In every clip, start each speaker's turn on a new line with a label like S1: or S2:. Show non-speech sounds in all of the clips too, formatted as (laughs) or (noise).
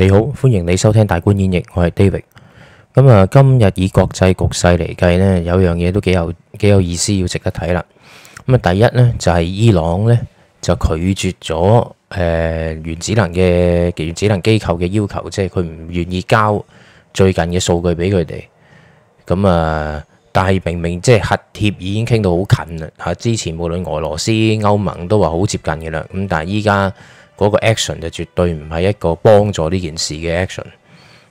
S1: 你好，歡迎你收聽大觀演繹，我係 David。咁啊，今日以國際局勢嚟計呢，有樣嘢都幾有幾有意思，要值得睇啦。咁啊，第一呢，就係、是、伊朗呢，就拒絕咗誒、呃，原子能嘅原子能機構嘅要求，即係佢唔願意交最近嘅數據俾佢哋。咁啊，但係明明即係核協已經傾到好近啦，吓之前無論俄羅斯、歐盟都話好接近嘅啦。咁但係依家。嗰個 action 就絕對唔係一個幫助呢件事嘅 action。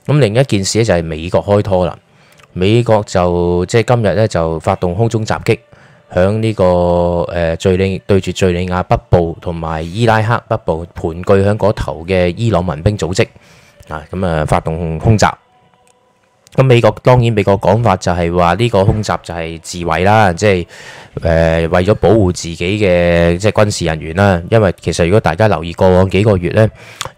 S1: 咁另一件事咧就係美國開拖啦，美國就即係今日咧就發動空中襲擊，響呢個誒敍利對住敍利亞北部同埋伊拉克北部盤踞響嗰頭嘅伊朗民兵組織啊，咁啊發動空襲。咁美國當然美國講法就係話呢個空襲就係自衛啦，即係誒、呃、為咗保護自己嘅即係軍事人員啦。因為其實如果大家留意過往幾個月呢，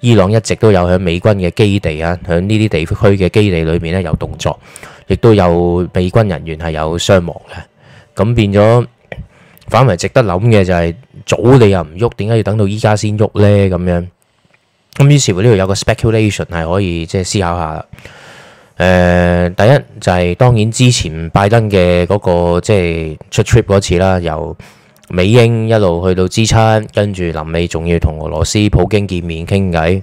S1: 伊朗一直都有喺美軍嘅基地啊，喺呢啲地區嘅基地裏面呢，有動作，亦都有美軍人員係有傷亡嘅。咁變咗反為值得諗嘅就係、是、早你又唔喐，點解要等到依家先喐呢？咁樣咁於是乎呢度有個 speculation 係可以即係思考下啦。誒、呃、第一就係、是、當然之前拜登嘅嗰、那個即係、就是、出 trip 嗰次啦，由美英一路去到支撐，跟住臨尾仲要同俄羅斯普京見面傾偈。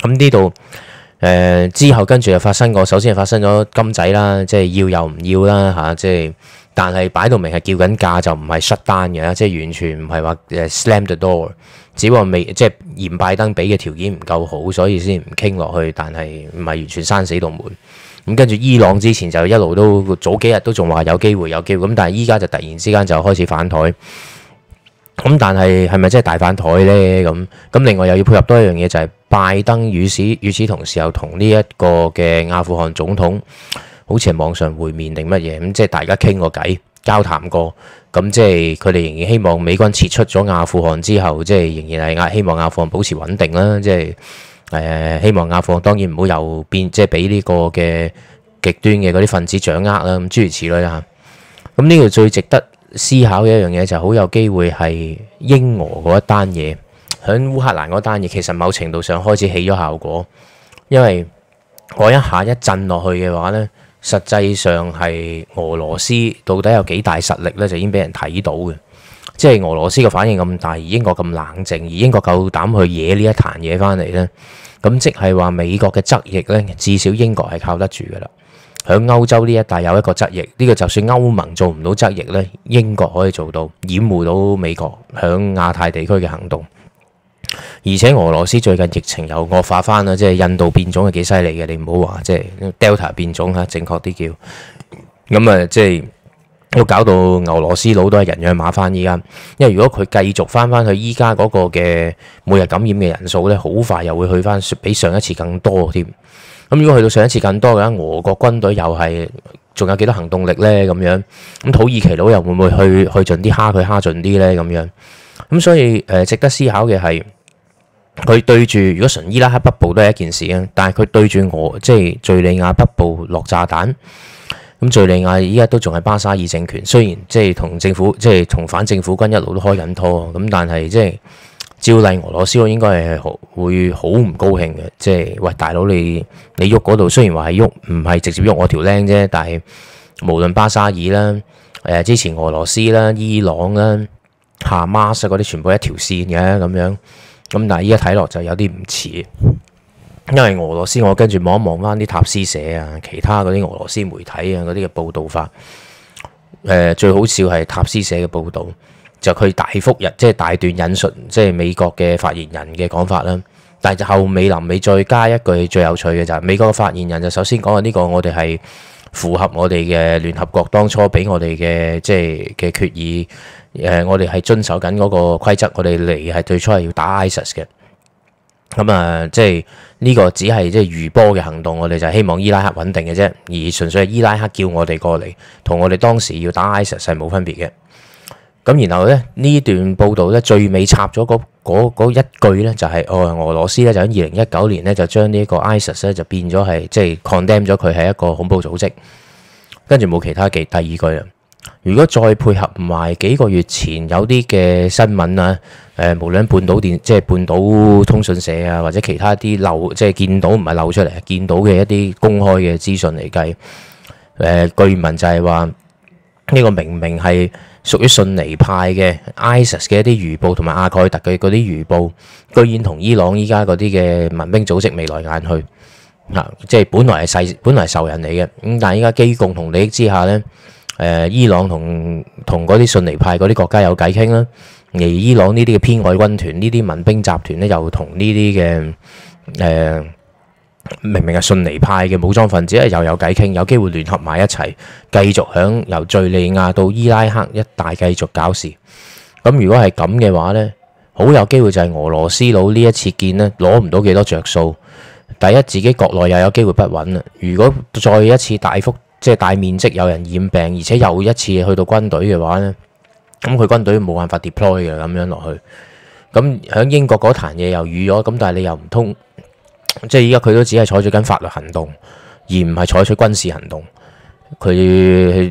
S1: 咁呢度誒之後跟住就發生過，首先係發生咗金仔啦，即、就、係、是、要又唔要啦嚇，即、啊、係。就是但係擺到明係叫緊價就唔係 shut down 嘅啦，即係完全唔係話誒 slam the door，只不過未即係嫌拜登俾嘅條件唔夠好，所以先唔傾落去。但係唔係完全閂死道門。咁跟住伊朗之前就一路都早幾日都仲話有機會、有機會，咁但係依家就突然之間就開始反台。咁但係係咪真係大反台呢？咁咁另外又要配合多一樣嘢就係、是、拜登與此與此同時又同呢一個嘅阿富汗總統。好似係網上會面定乜嘢咁，即係大家傾過偈、交談過，咁、嗯、即係佢哋仍然希望美軍撤出咗阿富汗之後，即係仍然係阿希望阿富汗保持穩定啦，即係誒、呃、希望阿富汗當然唔好又變即係俾呢個嘅極端嘅嗰啲分子掌握啦、嗯，諸如此類啦。咁、嗯、呢、這個最值得思考嘅一樣嘢，就好、是、有機會係英俄嗰單嘢，喺烏克蘭嗰單嘢，其實某程度上開始起咗效果，因為嗰一下一震落去嘅話呢。實際上係俄羅斯到底有幾大實力咧，就已經俾人睇到嘅。即係俄羅斯嘅反應咁大，而英國咁冷靜，而英國夠膽去惹呢一壇嘢翻嚟呢？咁即係話美國嘅側翼呢，至少英國係靠得住㗎啦。響歐洲呢一帶有一個側翼，呢、這個就算歐盟做唔到側翼呢，英國可以做到掩護到美國響亞太地區嘅行動。而且俄羅斯最近疫情又惡化翻啦，即係印度變種係幾犀利嘅，你唔好話即係 Delta 變種嚇，正確啲叫咁啊、嗯，即係都搞到俄羅斯佬都係人仰馬翻依家。因為如果佢繼續翻翻去依家嗰個嘅每日感染嘅人數咧，好快又會去翻，比上一次更多添。咁、嗯、如果去到上一次更多嘅話，俄國軍隊又係仲有幾多行動力咧？咁樣咁、嗯、土耳其佬又會唔會去去盡啲蝦佢蝦盡啲咧？咁樣咁、嗯、所以誒、呃，值得思考嘅係。佢對住如果純伊拉克北部都係一件事啊，但係佢對住我即係敍利亞北部落炸彈，咁敍利亞依家都仲係巴沙爾政權，雖然即係同政府即係同反政府軍一路都開緊拖，咁但係即係照例俄羅斯應該係會好唔高興嘅，即係喂，大佬你你喐嗰度，雖然話係喐唔係直接喐我條僆啫，但係無論巴沙爾啦、誒、呃、之前俄羅斯啦、伊朗啦、哈馬斯嗰啲，全部一條線嘅咁樣。咁但係依家睇落就有啲唔似，因為俄羅斯我跟住望一望翻啲塔斯社啊，其他嗰啲俄羅斯媒體啊嗰啲嘅報導法，誒，最好笑係塔斯社嘅報導就佢大幅引，即係大段引述即係美國嘅發言人嘅講法啦。但係就後尾臨尾再加一句最有趣嘅就係美國嘅發言人就首先講啊呢個我哋係。符合我哋嘅聯合國當初俾我哋嘅即係嘅決議誒、呃，我哋係遵守緊嗰個規則，我哋嚟係最初係要打 ISIS 嘅 IS，咁、嗯、啊，即係呢、這個只係即係餘波嘅行動，我哋就希望伊拉克穩定嘅啫，而純粹係伊拉克叫我哋過嚟，同我哋當時要打 ISIS 係冇分別嘅。咁然後咧，呢段報導咧最尾插咗嗰一句咧，就係哦，俄羅斯咧就喺二零一九年咧就將呢個 ISIS 咧就變咗係即係 condemn 咗佢係一個恐怖組織，跟住冇其他嘅第二句啦。如果再配合埋幾個月前有啲嘅新聞啊，誒，無論半島電即係半島通訊社啊，或者其他啲漏即係見到唔係漏出嚟見到嘅一啲公開嘅資訊嚟計，誒，據聞就係話呢個明明係。屬於遜尼派嘅 ISIS 嘅一啲預報，同埋阿蓋特嘅嗰啲預報，居然同伊朗依家嗰啲嘅民兵組織眉來眼去，嗱，即係本來係細，本來係仇人嚟嘅，咁但係依家基於共同利益之下咧，誒、呃，伊朗同同嗰啲遜尼派嗰啲國家有偈傾啦，而伊朗呢啲嘅偏外軍團、呢啲民兵集團咧，又同呢啲嘅誒。呃明明係遜尼派嘅武裝分子，又有偈傾，有機會聯合埋一齊，繼續響由敘利亞到伊拉克一帶繼續搞事。咁如果係咁嘅話呢，好有機會就係俄羅斯佬呢一次見呢，攞唔到幾多着數。第一，自己國內又有機會不穩啦。如果再一次大幅即係、就是、大面積有人染病，而且又一次去到軍隊嘅話呢，咁佢軍隊冇辦法 deploy 嘅咁樣落去。咁響英國嗰壇嘢又預咗，咁但係你又唔通？即係依家佢都只係採取緊法律行動，而唔係採取軍事行動。佢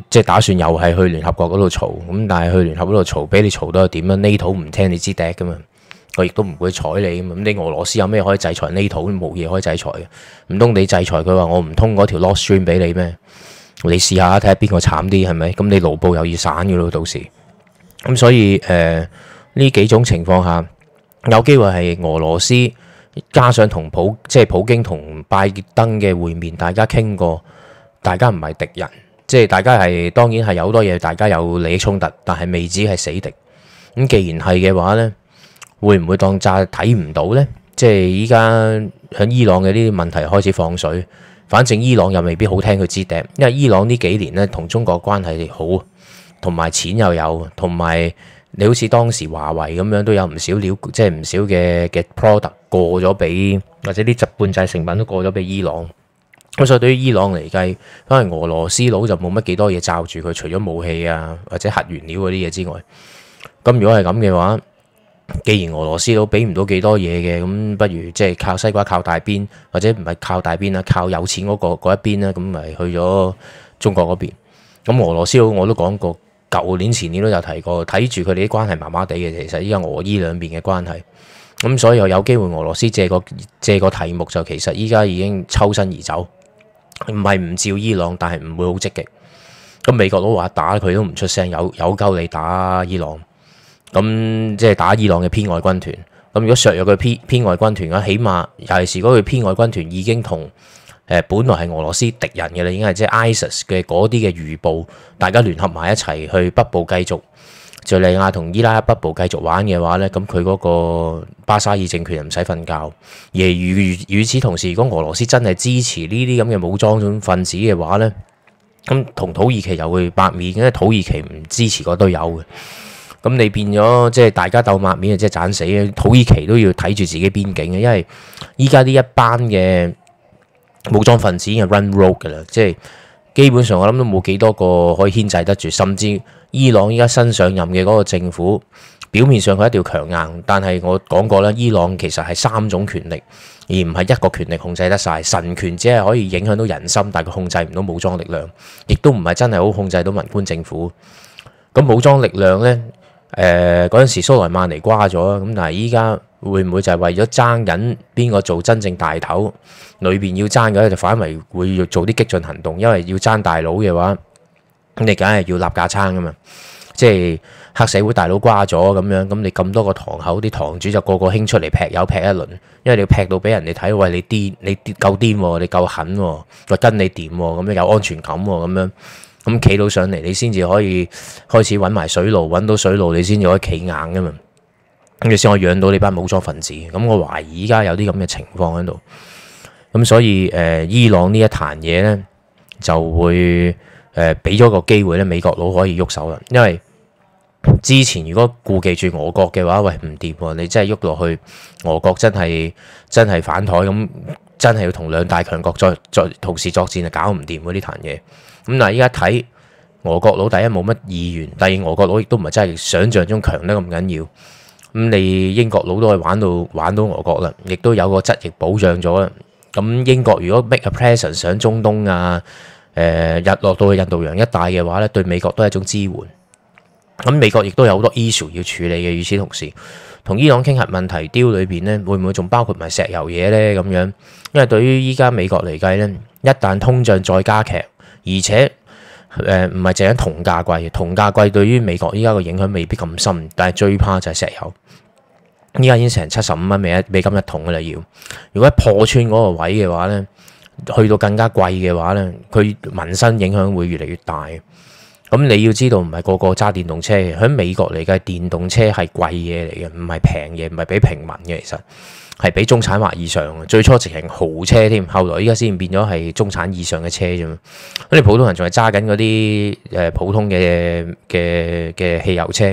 S1: 即係打算又係去聯合國嗰度嘈，咁但係去聯合國度嘈，俾你嘈到點樣？呢套唔聽你支笛噶嘛？佢亦都唔會睬你。咁你俄羅斯有咩可以制裁呢套？冇嘢可以制裁嘅。唔通你制裁佢話我唔通嗰條 lost stream 俾你咩？你試下睇下邊個慘啲係咪？咁你盧布又要散噶咯？到時咁所以誒呢、呃、幾種情況下，有機會係俄羅斯。加上同普即係普京同拜登嘅會面，大家傾過，大家唔係敵人，即係大家係當然係有好多嘢，大家有利益衝突，但係未至係死敵。咁既然係嘅話呢，會唔會當炸睇唔到呢？即係依家喺伊朗嘅呢啲問題開始放水，反正伊朗又未必好聽佢支笛，因為伊朗呢幾年呢，同中國關係好，同埋錢又有，同埋。你好似當時華為咁樣，都有唔少料，即係唔少嘅嘅 product 過咗俾，或者啲雜半製成品都過咗俾伊朗。咁 (laughs) 所以對於伊朗嚟計，可能俄羅斯佬就冇乜幾多嘢罩住佢，除咗武器啊或者核原料嗰啲嘢之外。咁如果係咁嘅話，既然俄羅斯佬俾唔到幾多嘢嘅，咁不如即係靠西瓜靠大邊，或者唔係靠大邊啦，靠有錢嗰、嗰個嗰一邊啦，咁咪去咗中國嗰邊。咁俄羅斯佬我都講過。舊年前年都有提過，睇住佢哋啲關係麻麻地嘅，其實依家俄伊兩邊嘅關係，咁所以有機會俄羅斯借個借個題目就其實依家已經抽身而走，唔係唔照伊朗，但係唔會好積極。咁美國佬話打佢都唔出聲，有有夠你打伊朗，咁即係打伊朗嘅編外軍團。咁如果削弱佢編編外軍團嘅話，起碼尤其是嗰個編外軍團已經同。本來係俄羅斯敵人嘅啦，已經係即係 ISIS 嘅嗰啲嘅餘部，大家聯合埋一齊去北部繼續敍利亞同伊拉克北部繼續玩嘅話呢，咁佢嗰個巴沙爾政權又唔使瞓覺。而與與此同時，如果俄羅斯真係支持呢啲咁嘅武裝種分子嘅話呢，咁同土耳其又會白面因為，土耳其唔支持嗰隊友嘅。咁你變咗即係大家鬥白面即係斬死啊！土耳其都要睇住自己邊境嘅，因為依家呢一班嘅。武裝分子已經係 run rogue 嘅啦，即係基本上我諗都冇幾多個可以牽制得住，甚至伊朗依家新上任嘅嗰個政府，表面上佢一條強硬，但係我講過啦，伊朗其實係三種權力，而唔係一個權力控制得晒。神權只係可以影響到人心，但係佢控制唔到武裝力量，亦都唔係真係好控制到民官政府。咁武裝力量呢，誒嗰陣時蘇萊曼尼瓜咗啦，咁但係依家。會唔會就係為咗爭緊邊個做真正大頭？裏邊要爭嘅就反為會做啲激進行動，因為要爭大佬嘅話，咁你梗係要立架撐噶嘛。即係黑社會大佬瓜咗咁樣，咁你咁多個堂口啲堂主就個個興出嚟劈友劈一輪，因為你要劈到俾人哋睇，喂你癲你跌夠癲喎，你夠狠喎，我跟你掂喎，咁樣有安全感喎，咁樣咁企到上嚟，你先至可以開始揾埋水路，揾到水路你先至可以企硬噶嘛。跟住先我養到呢班武裝分子，咁我懷疑依家有啲咁嘅情況喺度，咁所以誒、呃、伊朗呢一壇嘢呢，就會誒俾咗個機會咧美國佬可以喐手啦，因為之前如果顧忌住俄國嘅話，喂唔掂、啊，你真係喐落去俄國真係真係反台，咁真係要同兩大強國再再同時作戰啊，搞唔掂呢壇嘢。咁但係，依家睇俄國佬第一冇乜意願，第二俄國佬亦都唔係真係想象中強得咁緊要。咁你英國佬都係玩到玩到俄國啦，亦都有個質疑保障咗啦。咁英國如果 make a presence 上中東啊，誒、呃、日落到去印度洋一帶嘅話咧，對美國都係一種支援。咁美國亦都有好多 issue 要處理嘅。與此同時，同伊朗傾核問題裡面呢，deal 裏邊咧會唔會仲包括埋石油嘢呢？咁樣，因為對於依家美國嚟計呢，一旦通脹再加劇，而且誒，唔係淨係同價貴，同價貴對於美國依家個影響未必咁深，但係最怕就係石油，依家已經成七十五蚊美美金一桶啦要。如果破穿嗰個位嘅話咧，去到更加貴嘅話咧，佢民生影響會越嚟越大。咁你要知道，唔係個個揸電動車嘅，喺美國嚟嘅電動車係貴嘢嚟嘅，唔係平嘢，唔係俾平民嘅其實。係俾中產或以上嘅，最初直情豪車添，後來依家先變咗係中產以上嘅車啫嘛。你普通人仲係揸緊嗰啲，誒普通嘅嘅嘅汽油車。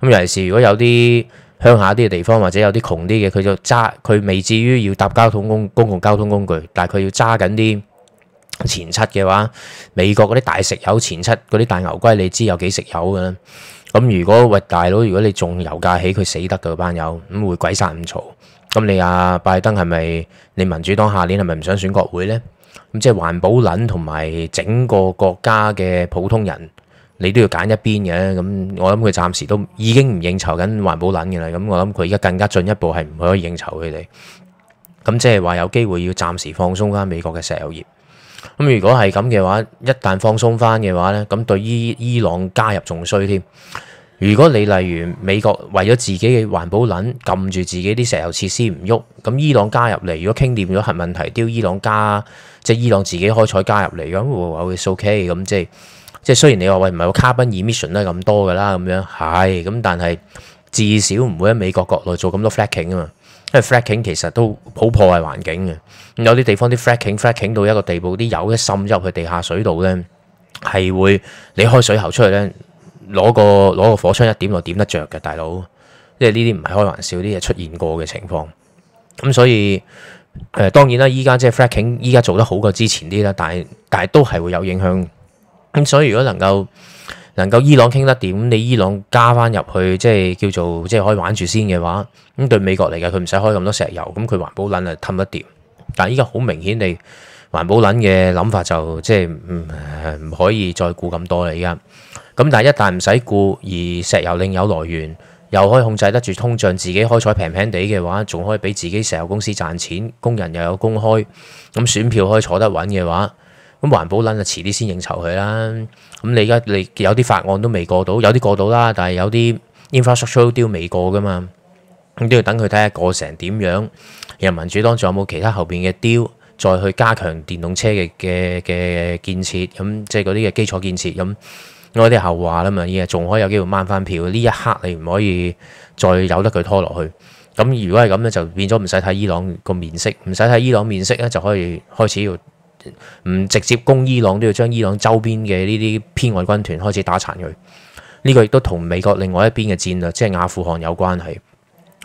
S1: 咁尤其是如果有啲鄉下啲嘅地方，或者有啲窮啲嘅，佢就揸佢未至於要搭交通公公共交通工具，但係佢要揸緊啲前七嘅話，美國嗰啲大食油前七嗰啲大牛龜，你知有幾食油嘅啦。咁如果喂，大佬，如果你仲油價起，佢死得嘅班友咁會鬼殺咁嘈。咁你阿、啊、拜登係咪？你民主黨下年係咪唔想選國會呢？咁即係環保撚同埋整個國家嘅普通人，你都要揀一邊嘅。咁我諗佢暫時都已經唔應酬緊環保撚嘅啦。咁我諗佢而家更加進一步係唔可以應酬佢哋。咁即係話有機會要暫時放鬆翻美國嘅石油業。咁如果係咁嘅話，一旦放鬆翻嘅話呢，咁對於伊、伊朗加入仲衰添。如果你例如美國為咗自己嘅環保撚，撳住自己啲石油設施唔喐，咁伊朗加入嚟，如果傾掂咗核問題，丟伊朗加，即係伊朗自己開採加入嚟，咁會唔會 OK？咁即係即係雖然你話喂，唔係個 carbon emission 都係咁多㗎啦，咁樣係，咁但係至少唔會喺美國國內做咁多 fracking 啊嘛，因為 fracking 其實都好破壞環境嘅。有啲地方啲 fracking，fracking 到一個地步，啲油一滲入去地下水道咧，係會你開水喉出去咧。攞個攞個火槍一點就點,點得着嘅大佬，即係呢啲唔係開玩笑，啲嘢出現過嘅情況。咁所以誒、呃，當然啦，依家即係 fracking，依家做得好過之前啲啦，但係但係都係會有影響。咁所以如果能夠能夠伊朗傾得掂，你伊朗加翻入去，即係叫做即係可以玩住先嘅話，咁對美國嚟嘅佢唔使開咁多石油，咁佢環保撚啊氹得掂。但係依家好明顯你環保撚嘅諗法就即係唔、嗯、唔可以再顧咁多啦，依家。咁但係一旦唔使顧，而石油另有來源，又可以控制得住通脹，自己開採平平地嘅話，仲可以俾自己石油公司賺錢，工人又有工開，咁選票可以坐得穩嘅話，咁環保撚就遲啲先應酬佢啦。咁你而家你有啲法案都未過到，有啲過到啦，但係有啲 infrastructure 雕未過㗎嘛，咁都要等佢睇下過程點樣，人民主黨仲有冇其他後邊嘅雕，再去加強電動車嘅嘅嘅建設，咁、嗯、即係嗰啲嘅基礎建設咁。嗯我啲後話啦嘛，依家仲可以有機會掹翻票。呢一刻你唔可以再由得佢拖落去。咁如果係咁咧，就變咗唔使睇伊朗個面色，唔使睇伊朗面色咧，就可以開始要唔直接攻伊朗，都要將伊朗周邊嘅呢啲偏外軍團開始打殘佢。呢、這個亦都同美國另外一邊嘅戰略，即係阿富汗有關係。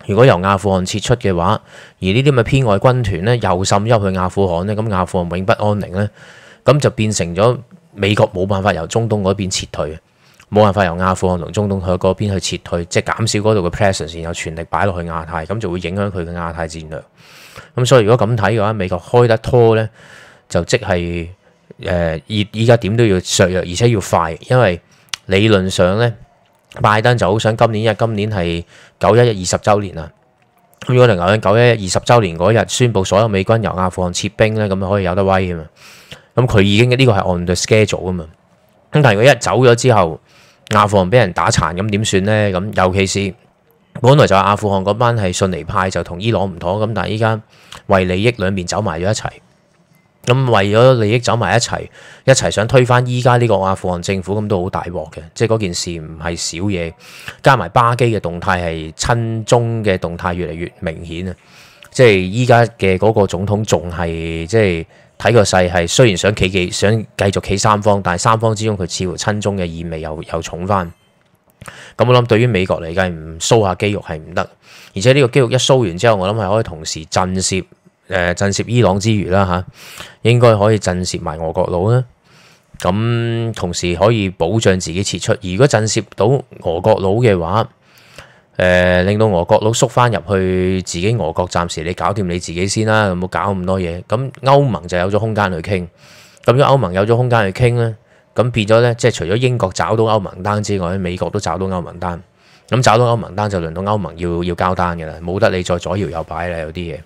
S1: 如果由阿富汗撤出嘅話，而呢啲咁嘅偏外軍團呢，又滲入去阿富汗呢，咁阿富汗永不安寧呢，咁就變成咗。美國冇辦法由中東嗰邊撤退，冇辦法由阿富汗同中東去嗰邊去撤退，即係減少嗰度嘅 pressure，然後全力擺落去亞太，咁就會影響佢嘅亞太戰略。咁所以如果咁睇嘅話，美國開得拖咧，就即係誒而依家點都要削弱，而且要快，因為理論上咧，拜登就好想今年，因為今年係九一一二十週年啊。咁如果能夠喺九一一二十週年嗰日宣布所有美軍由阿富汗撤兵咧，咁啊可以有得威啊嘛。咁佢已經呢個係 on the schedule 啊嘛，咁但係佢一走咗之後，阿富汗俾人打殘，咁點算呢？咁尤其是本來就阿富汗嗰班係遜尼派，就同伊朗唔妥，咁但係依家為利益兩邊走埋咗一齊，咁為咗利益走埋一齊，一齊想推翻依家呢個阿富汗政府，咁都好大鑊嘅，即係嗰件事唔係少嘢。加埋巴基嘅動態係親中嘅動態越嚟越明顯啊！即係依家嘅嗰個總統仲係即係。睇個勢係，雖然想企幾想繼續企三方，但係三方之中佢似乎親中嘅意味又又重翻。咁我諗對於美國嚟緊唔騷下肌肉係唔得，而且呢個肌肉一騷完之後，我諗係可以同時震懾誒、呃、震懾伊朗之餘啦嚇、啊，應該可以震懾埋俄國佬啦。咁、啊、同時可以保障自己撤出。如果震懾到俄國佬嘅話，誒、呃、令到俄國佬縮翻入去自己俄國，暫時你搞掂你自己先啦，冇搞咁多嘢。咁歐盟就有咗空間去傾。咁如果歐盟有咗空間去傾呢，咁變咗呢，即係除咗英國找到歐盟單之外咧，美國都找到歐盟單。咁找到歐盟單就輪到歐盟要要交單嘅啦，冇得你再左搖右擺啦，有啲嘢。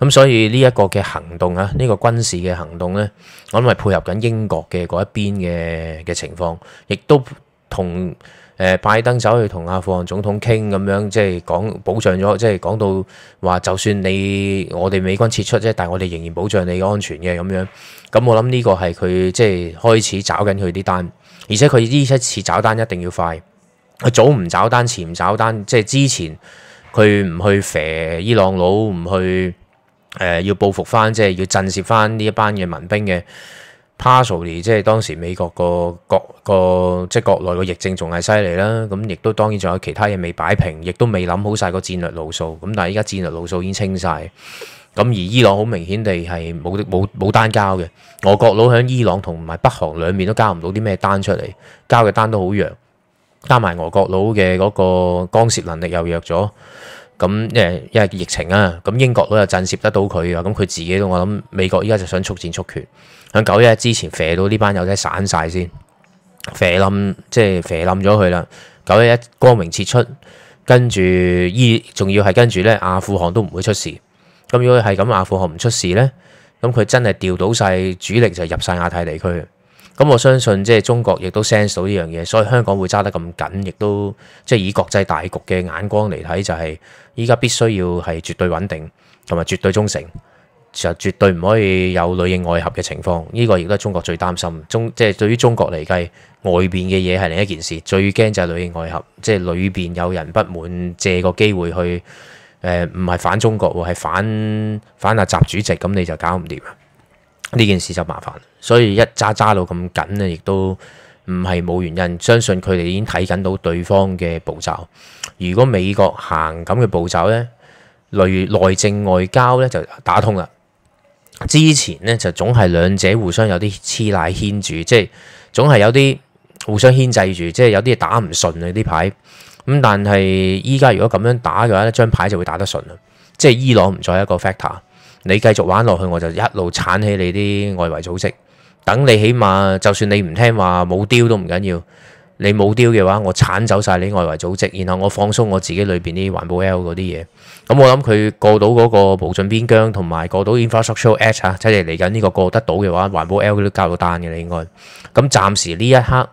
S1: 咁所以呢一個嘅行動啊，呢、呢個軍事嘅行動呢，我諗係配合緊英國嘅嗰一邊嘅嘅情況，亦都同，誒拜登走去同阿富汗總統傾咁樣，即係講保障咗，即係講到話，就算你我哋美軍撤出啫，但係我哋仍然保障你嘅安全嘅咁樣。咁我諗呢個係佢即係開始找緊佢啲單，而且佢呢一次找單一定要快。佢早唔找單，遲唔找單，即係之前佢唔去肥伊朗佬，唔去誒、呃、要報復翻，即係要震懾翻呢一班嘅民兵嘅。p a s 即係當時美國個國個即係國內個疫症仲係犀利啦，咁亦都當然仲有其他嘢未擺平，亦都未諗好晒個戰略路數。咁但係依家戰略路數已經清晒。咁而伊朗好明顯地係冇冇冇單交嘅，俄國佬響伊朗同埋北韓兩面都交唔到啲咩單出嚟，交嘅單都好弱。加埋俄國佬嘅嗰個干涉能力又弱咗。咁誒，因為疫情啊，咁英國佬又震懾得到佢啊，咁佢自己都，我諗美國依家就想速戰速決。喺九一一之前，射到呢班友仔散晒先，射冧即係射冧咗佢啦。九一一光明撤出，跟住依仲要係跟住咧，阿富汗都唔會出事。咁如果係咁，阿富汗唔出事咧，咁佢真係調到晒主力就入晒亞太地區。咁我相信即係中國亦都 sense 到呢樣嘢，所以香港會揸得咁緊，亦都即係以國際大局嘅眼光嚟睇，就係依家必須要係絕對穩定同埋絕對忠誠。就絕對唔可以有裏應外合嘅情況，呢、這個亦都係中國最擔心。中即係、就是、對於中國嚟計，外邊嘅嘢係另一件事，最驚就係裏應外合，即係裏邊有人不滿，借個機會去唔係、呃、反中國，係反反阿習主席，咁你就搞唔掂啊！呢件事就麻煩，所以一揸揸到咁緊咧，亦都唔係冇原因。相信佢哋已經睇緊到對方嘅步驟。如果美國行咁嘅步驟咧，例如內政外交呢，就打通啦。之前咧就總係兩者互相有啲黐賴牽住，即係總係有啲互相牽制住，即係有啲打唔順啊啲牌。咁但係依家如果咁樣打嘅話，呢張牌就會打得順啦、啊。即係伊朗唔再一個 factor，你繼續玩落去，我就一路剷起你啲外圍組織，等你起碼就算你唔聽話冇丟都唔緊要，要。你冇丟嘅話，我剷走晒你外圍組織，然後我放鬆我自己裏邊啲環保 L 嗰啲嘢。咁、嗯、我諗佢過到嗰個無盡邊疆同埋過到 infrastructure H 啊，即係嚟緊呢個過得到嘅話，環保 L 都交到單嘅你應該。咁、嗯、暫時呢一刻，誒、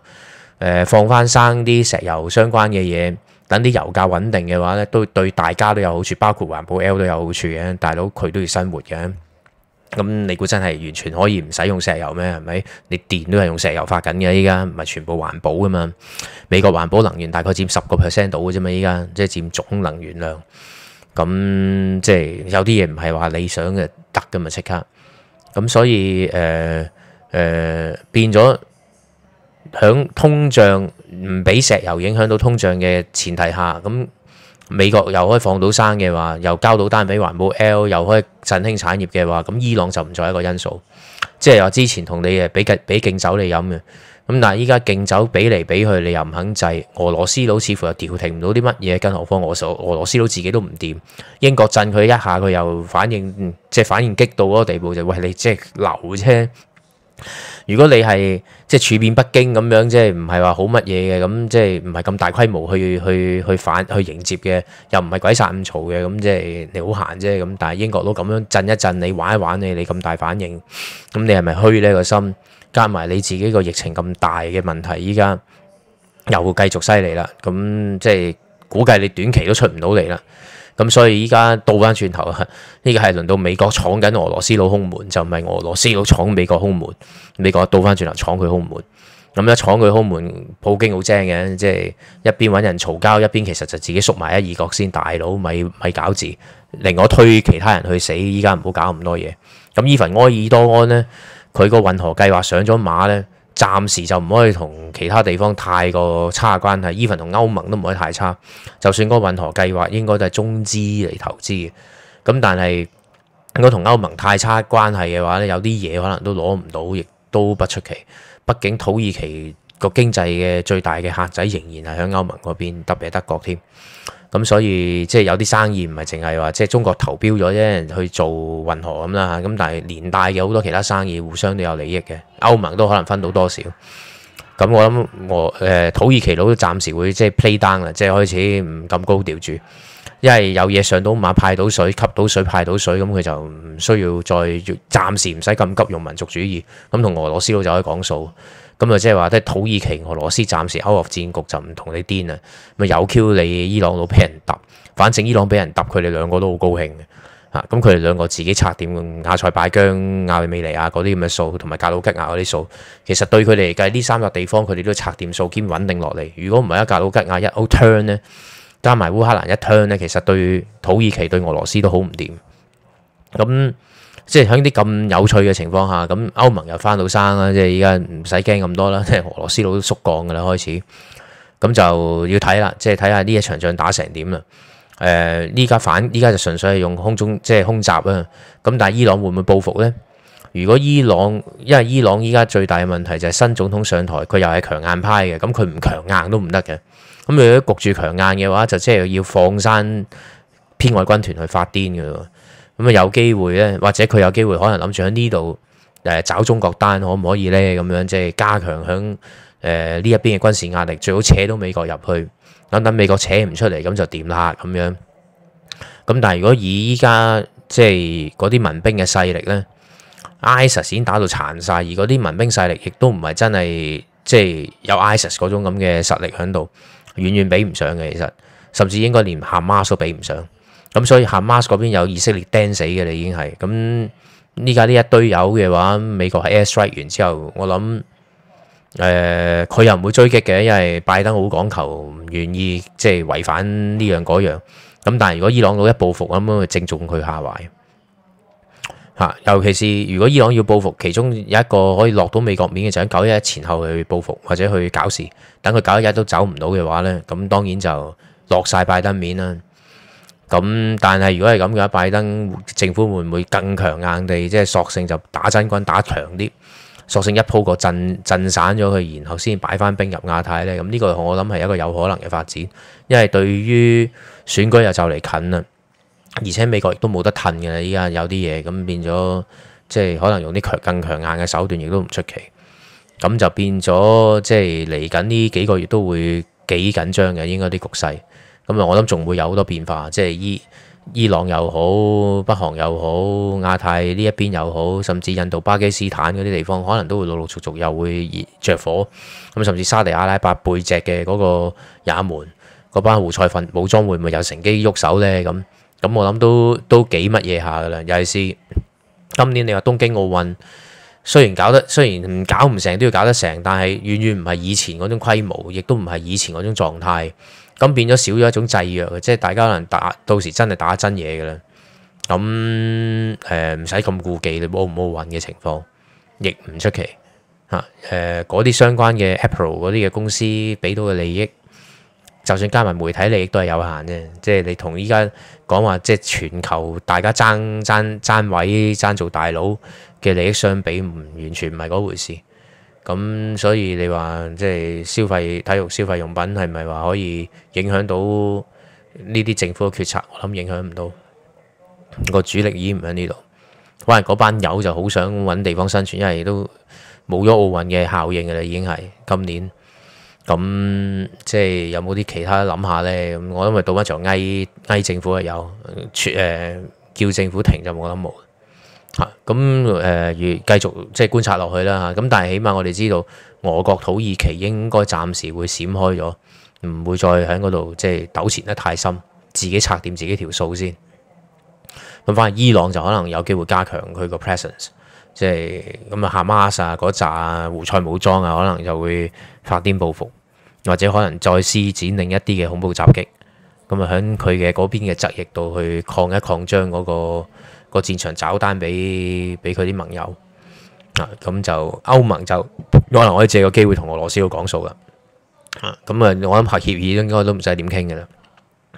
S1: 呃、放翻生啲石油相關嘅嘢，等啲油價穩定嘅話咧，都對大家都有好處，包括環保 L 都有好處嘅，大佬佢都要生活嘅。咁你估真係完全可以唔使用石油咩？係咪？你電都係用石油發緊嘅，依家唔係全部環保噶嘛？美國環保能源大概佔十個 percent 度嘅啫嘛，依家即係佔總能源量。咁即係有啲嘢唔係話理想嘅得㗎嘛，即刻。咁所以誒誒、呃呃、變咗響通脹唔俾石油影響到通脹嘅前提下，咁。美國又可以放到生嘅話，又交到單俾環保 L，又可以振興產業嘅話，咁伊朗就唔再一個因素。即係話之前同你嘅俾俾敬酒你飲嘅，咁但係依家敬酒俾嚟俾去，你又唔肯制。俄羅斯佬似乎又調停唔到啲乜嘢，更何況俄羅斯佬自己都唔掂。英國震佢一下，佢又反應即係反應激到嗰個地步，就喂你即係流啫。如果你係即係處變不驚咁樣，即係唔係話好乜嘢嘅，咁即係唔係咁大規模去去去反去迎接嘅，又唔係鬼殺咁嘈嘅，咁即係你好閒啫咁。但係英國都咁樣震一震你，你玩一玩你，你咁大反應，咁你係咪虛呢個心？加埋你自己個疫情咁大嘅問題，依家又會繼續犀利啦，咁即係估計你短期都出唔到嚟啦。咁所以依家倒翻轉頭啊，呢個係輪到美國闖緊俄羅斯佬空門，就唔係俄羅斯佬闖美國空門。美國倒翻轉頭闖佢空門，咁一闖佢空門，普京好正嘅，即係一邊揾人嘈交，一邊其實就自己縮埋一二角先，大佬咪咪搞事，令我推其他人去死。依家唔好搞咁多嘢。咁伊凡埃爾多安呢，佢個運河計劃上咗馬呢。暫時就唔可以同其他地方太過差關係，even 同歐盟都唔可以太差。就算嗰個運河計劃應該都係中資嚟投資嘅，咁但係如果同歐盟太差關係嘅話咧，有啲嘢可能都攞唔到，亦都不出奇。畢竟土耳其個經濟嘅最大嘅客仔仍然係喺歐盟嗰邊，特別係德國添。咁所以即係有啲生意唔係淨係話即係中國投標咗啫去做運河咁啦。咁但係連帶嘅好多其他生意互相都有利益嘅，歐盟都可能分到多少。咁我諗我誒、呃、土耳其佬都暫時會即係 play down 啦，即係開始唔咁高調住，因為有嘢上到馬，派到水，吸到水，派到水，咁佢就唔需要再暫時唔使咁急用民族主義，咁同俄羅斯佬就可以講數。咁啊，即係話都係土耳其、俄羅斯暫時歐俄戰局就唔同你癲啦，咪有 Q 你伊朗都俾人揼，反正伊朗俾人揼，佢哋兩個都好高興嘅吓。咁佢哋兩個自己拆掂亞塞拜疆、亞美尼亞嗰啲咁嘅數，同埋格魯吉亞嗰啲數，其實對佢哋嚟計呢三個地方，佢哋都拆掂數兼穩定落嚟。如果唔係一格魯吉亞一 turn 咧，加埋烏克蘭一 turn 咧，其實對土耳其、對俄羅斯都好唔掂。咁即係喺啲咁有趣嘅情況下，咁歐盟又翻到山啦，即係依家唔使驚咁多啦。即係俄羅斯佬都縮降㗎啦，開始咁就要睇啦。即係睇下呢一場仗打成點啦。誒、呃，依家反依家就純粹係用空中即係空襲啊。咁但係伊朗會唔會報復咧？如果伊朗，因為伊朗依家最大嘅問題就係新總統上台，佢又係強硬派嘅，咁佢唔強硬都唔得嘅。咁佢如果焗住強硬嘅話，就即係要放生編外軍團去發癲㗎咯。咁啊，有機會咧，或者佢有機會，機會可能諗住喺呢度誒找中國單，可唔可以咧？咁樣即係加強響誒呢一邊嘅軍事壓力，最好扯到美國入去。等等美國扯唔出嚟，咁就掂啦。咁樣。咁但係如果以依家即係嗰啲民兵嘅勢力咧，ISIS 已經打到殘晒，而嗰啲民兵勢力亦都唔係真係即係有 ISIS 嗰 IS 種咁嘅實力喺度，遠遠比唔上嘅其實，甚至應該連哈馬斯都比唔上。咁所以哈馬斯嗰邊有以色列釘死嘅啦，你已經係咁。依家呢一堆友嘅話，美國係 air strike 完之後，我諗誒，佢、呃、又唔會追擊嘅，因為拜登好講求，唔願意即係違反呢樣嗰樣。咁但係如果伊朗佬一報復咁，正中佢下懷吓。尤其是如果伊朗要報復，其中有一個可以落到美國面嘅就喺九一一前後去報復或者去搞事，等佢九一一都走唔到嘅話咧，咁當然就落晒拜登面啦。咁，但係如果係咁嘅，拜登政府會唔會更強硬地即係索性就打真軍打強啲，索性一鋪過震震散咗佢，然後先擺翻兵入亞太呢？咁、這、呢個我諗係一個有可能嘅發展，因為對於選舉又就嚟近啦，而且美國亦都冇得褪嘅啦，依家有啲嘢咁變咗，即係可能用啲強更強硬嘅手段，亦都唔出奇。咁就變咗，即係嚟緊呢幾個月都會幾緊張嘅，應該啲局勢。咁啊！我諗仲會有好多變化，即係伊伊朗又好，北韓又好，亞太呢一邊又好，甚至印度、巴基斯坦嗰啲地方，可能都會陸陸續續又會燃著火。咁、嗯、甚至沙地阿拉伯背脊嘅嗰個也門嗰班胡塞粉武裝會唔會有乘機喐手呢？咁，咁我諗都都幾乜嘢下噶啦。尤其是今年你話東京奧運，雖然搞得雖然搞唔成都要搞得成，但係遠遠唔係以前嗰種規模，亦都唔係以前嗰種狀態。咁變咗少咗一種制約，即係大家可能打到時真係打真嘢嘅啦。咁誒唔使咁顧忌你奧唔奧運嘅情況，亦唔出奇嚇。誒嗰啲相關嘅 Apple 嗰啲嘅公司俾到嘅利益，就算加埋媒體利益都係有限啫。即係你同依家講話，即係全球大家爭爭爭位爭做大佬嘅利益相比，唔完全唔係嗰回事。咁、嗯、所以你話即係消費體育消費用品係咪話可以影響到呢啲政府嘅決策？我諗影響唔到，個主力已經唔喺呢度。可能嗰班友就好想揾地方生存，因為都冇咗奧運嘅效應㗎啦，已經係今年。咁即係有冇啲其他諗下呢？我因為到翻場，嗌嗌政府嘅有誒，叫政府停就冇得冇。咁誒，越、嗯、繼續即係觀察落去啦嚇。咁但係起碼我哋知道，俄國土耳其應該暫時會閃開咗，唔會再喺嗰度即係糾纏得太深，自己拆掂自己條數先。咁反而伊朗就可能有機會加強佢個 presence，即係咁啊，哈、嗯、馬斯啊嗰紮啊，胡塞武裝啊，可能就會發癲報復，或者可能再施展另一啲嘅恐怖襲擊，咁啊喺佢嘅嗰邊嘅側翼度去擴一擴張嗰、那個。個戰場找單俾俾佢啲盟友啊，咁就歐盟就可能可以借個機會同俄羅斯要講數啦。啊，咁啊，我諗下協議應該都唔使點傾嘅啦。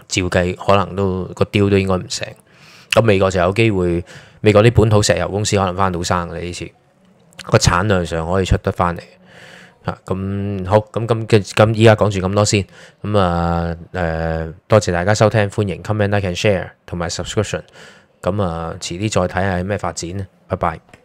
S1: 照計可能都個雕都應該唔成。咁、啊、美國就有機會，美國啲本土石油公司可能翻到生嘅。呢次個產量上可以出得翻嚟啊。咁好咁咁咁依家講住咁多先咁啊。誒、啊啊啊，多謝大家收聽，歡迎 comment like and share 同埋 subscription。咁啊，遲啲再睇下有咩發展咧。拜拜。